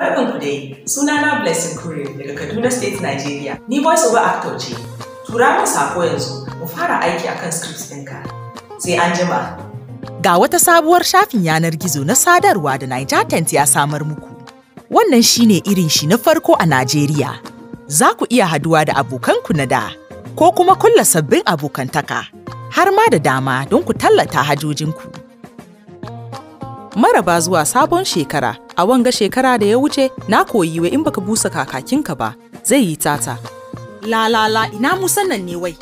Welcome today. Sunana suna na Blessing Kure daga Kaduna State, Nigeria. Ni voice over actor ce. Tura min sako yanzu, mu fara aiki akan scripts ɗinka. Sai an jima. Ga wata sabuwar shafin yanar gizo na sadarwa da Niger Tent ya samar muku. Wannan shine irin shi na farko a Najeriya. Za ku iya haduwa da abokanku na da, ko kuma kulla sabbin abokantaka, har ma da dama don ku tallata hajojinku. Maraba zuwa sabon shekara, a wanga shekara da ya wuce na koyi wa in baka busa kakakinka ba, zai yi tata. La la la ina musan nan ne wai.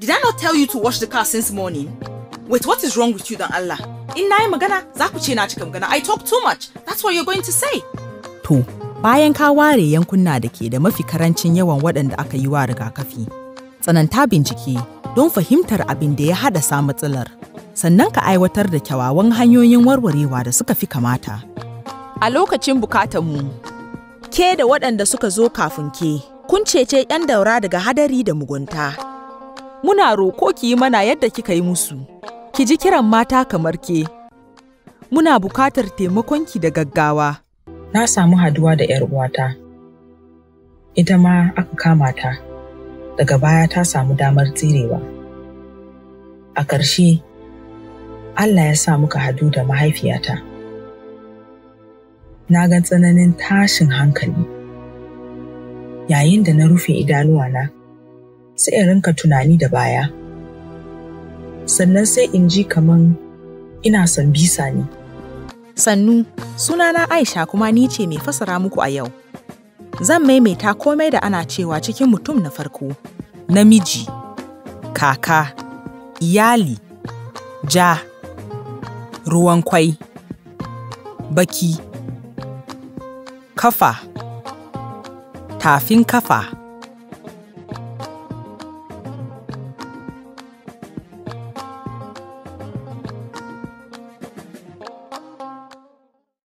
Did I not tell you to wash the car since morning? Wait, what is wrong with you dan Allah? In na yi magana, za ku ce na cika magana. I talk too much. That's what you're going to say. To, bayan ka ware yankunna da ke da mafi karancin yawan waɗanda aka yi wa rigakafi. Tsananta bincike don fahimtar abin da ya sa matsalar. sannan ka aiwatar da kyawawan hanyoyin warwarewa da suka fi kamata. A lokacin bukatanmu, ke da waɗanda suka zo kafin ke, kun cece 'yan daura daga hadari da mugunta. Muna roko ki yi mana yadda kika yi musu, ki ji kiran mata kamar ke. Muna bukatar taimakonki da gaggawa. Na samu haduwa da 'yar uwata. Ita ma aka kama ta. daga baya ta samu damar tsirewa. A ƙarshe, Allah ya sa muka hadu da mahaifiyata. Na ga tsananin tashin hankali. Yayin da na rufe idanuwana, sai in rinka tunani da baya. Sannan sai in ji kaman ina son bisa ne. Sannu, sunana Aisha kuma ni ce mai fasara muku a yau. Zan maimaita komai da ana cewa cikin mutum na farko, namiji, kaka, iyali, ja, ruwan kwai, baki, kafa, tafin kafa.